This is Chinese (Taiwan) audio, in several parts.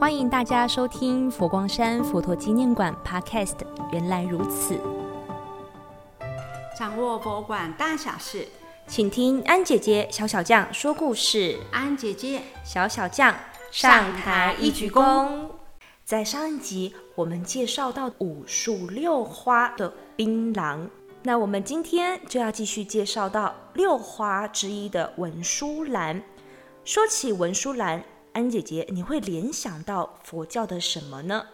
歡迎大家收聽佛光山佛陀紀念館 Podcast《原來如此》，掌握博物館大小事，請聽安姐姐小小將說故事。安姐姐小小將上台一鞠躬。在上一集，我們介紹到五樹六花的檳榔，那我們今天就要繼續介紹到六花之一的文殊蘭。說起文殊蘭，安姐姐，你會聯想到佛教的什麼呢？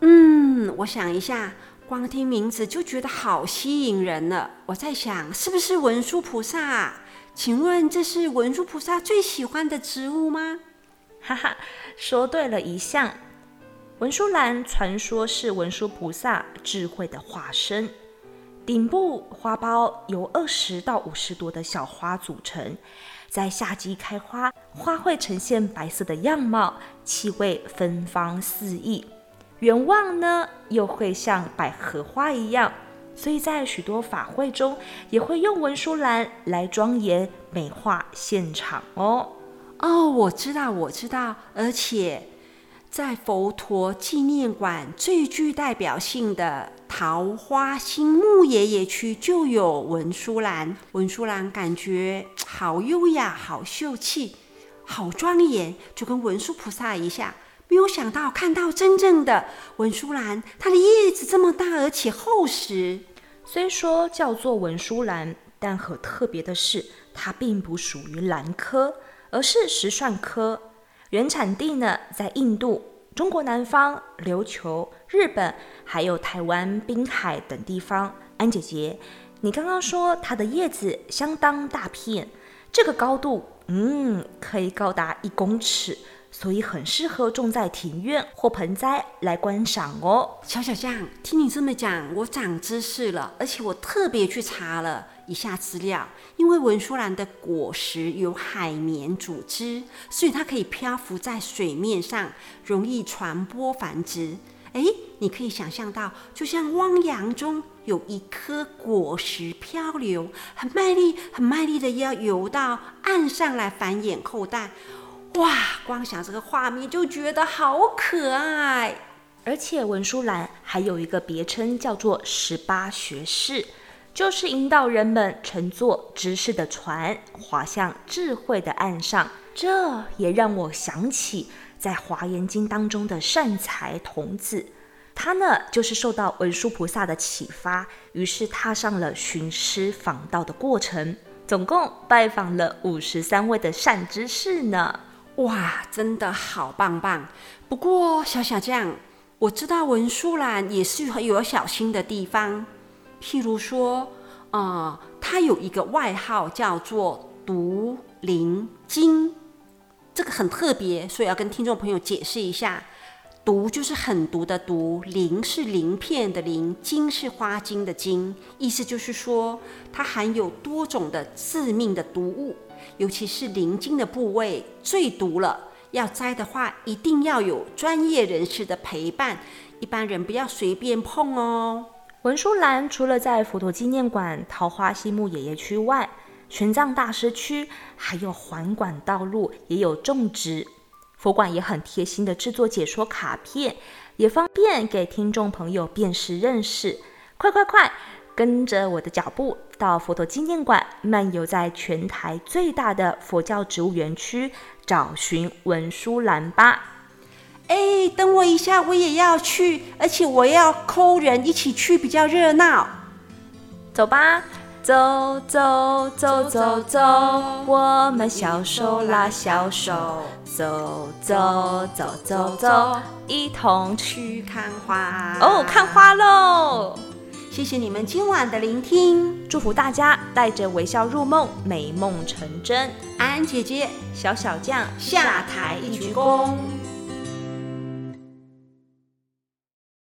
嗯，我想一下，光聽名字就覺得好吸引人呢。我在想，是不是文殊菩薩？請問這是文殊菩薩最喜歡的植物嗎？哈哈，說對了一項。文殊蘭傳說是文殊菩薩智慧的化身，頂部花苞由二十到五十朵的小花組成。在夏季開花，花會呈現白色的樣貌，氣味芬芳芳四溢。遠望呢，又會像百合花一樣。所以在許多法會中，也會用文殊蘭來莊嚴美化現場哦。哦，我知道，我知道。而且在佛陀紀念館最具代表性的桃花心木爺爺區，就有文殊蘭。文殊蘭感覺。好優雅，好秀氣，好莊嚴，就跟文殊菩薩一下，沒有想到看到真正的文殊蘭，它的葉子這麼大而且厚實。雖說叫做文殊蘭，但很特別的是，它並不屬於蘭科，而是石蒜科。原產地呢，在印度、中國南方、琉球、日本，還有台灣、濱海等地方。安姐姐，你剛剛說它的葉子相當大片？這個高度，嗯，可以高達一公尺，所以很適合種在庭院或盆栽來觀賞哦。小小象，聽你這麼講，我長知識了。而且我特別去查了一下資料，因為文殊蘭的果實有海綿組織，所以它可以漂浮在水面上，容易傳播繁殖。哎，你可以想象到，就像汪洋中有一顆果實漂流，很賣力、很賣力的要游到岸上來繁衍後代。哇，光想這個畫面就覺得好可愛。而且文殊蘭還有一個別稱叫做十八學士，就是引導人們乘坐知識的船，滑向智慧的岸上。這也讓我想起。在《華嚴經》當中的善財童子，他呢就是受到文殊菩薩的啟發，於是踏上了尋師訪道的過程，總共拜訪了五十三位的善知識呢。哇，真的好棒棒！不過小小醬，我知道文殊蘭也是很有小心的地方，譬如說啊，他、呃、有一個外號叫做“毒靈精”。這個很特別，所以要跟聽眾朋友解釋一下：毒就是狠毒的毒，鱗是鱗片的鱗，莖是花莖的莖。意思就是說，它含有多種的致命的毒物，尤其是鱗莖的部位最毒了。要摘的話，一定要有專業人士的陪伴，一般人不要隨便碰哦。文殊蘭除了在佛陀紀念館桃花溪木爺爺區外，玄奘大師區，還有環館道路也有種植，佛館也很貼心的製作解說卡片，也方便給聽眾朋友辨識認識。快快快，跟着我的腳步到佛陀紀念館漫遊，在全台最大的佛教植物園區找尋文殊蘭吧！哎，等我一下，我也要去，而且我要摳人一起去比較熱鬧。走吧。走走走走走,走走走，我們小手拉小手。走走走走走,走,走走走，一同去看花。哦，看花嘍！謝謝你們今晚的聆聽，祝福大家帶着微笑入夢，美夢成真。安安姐姐，小小將下台一鞠躬。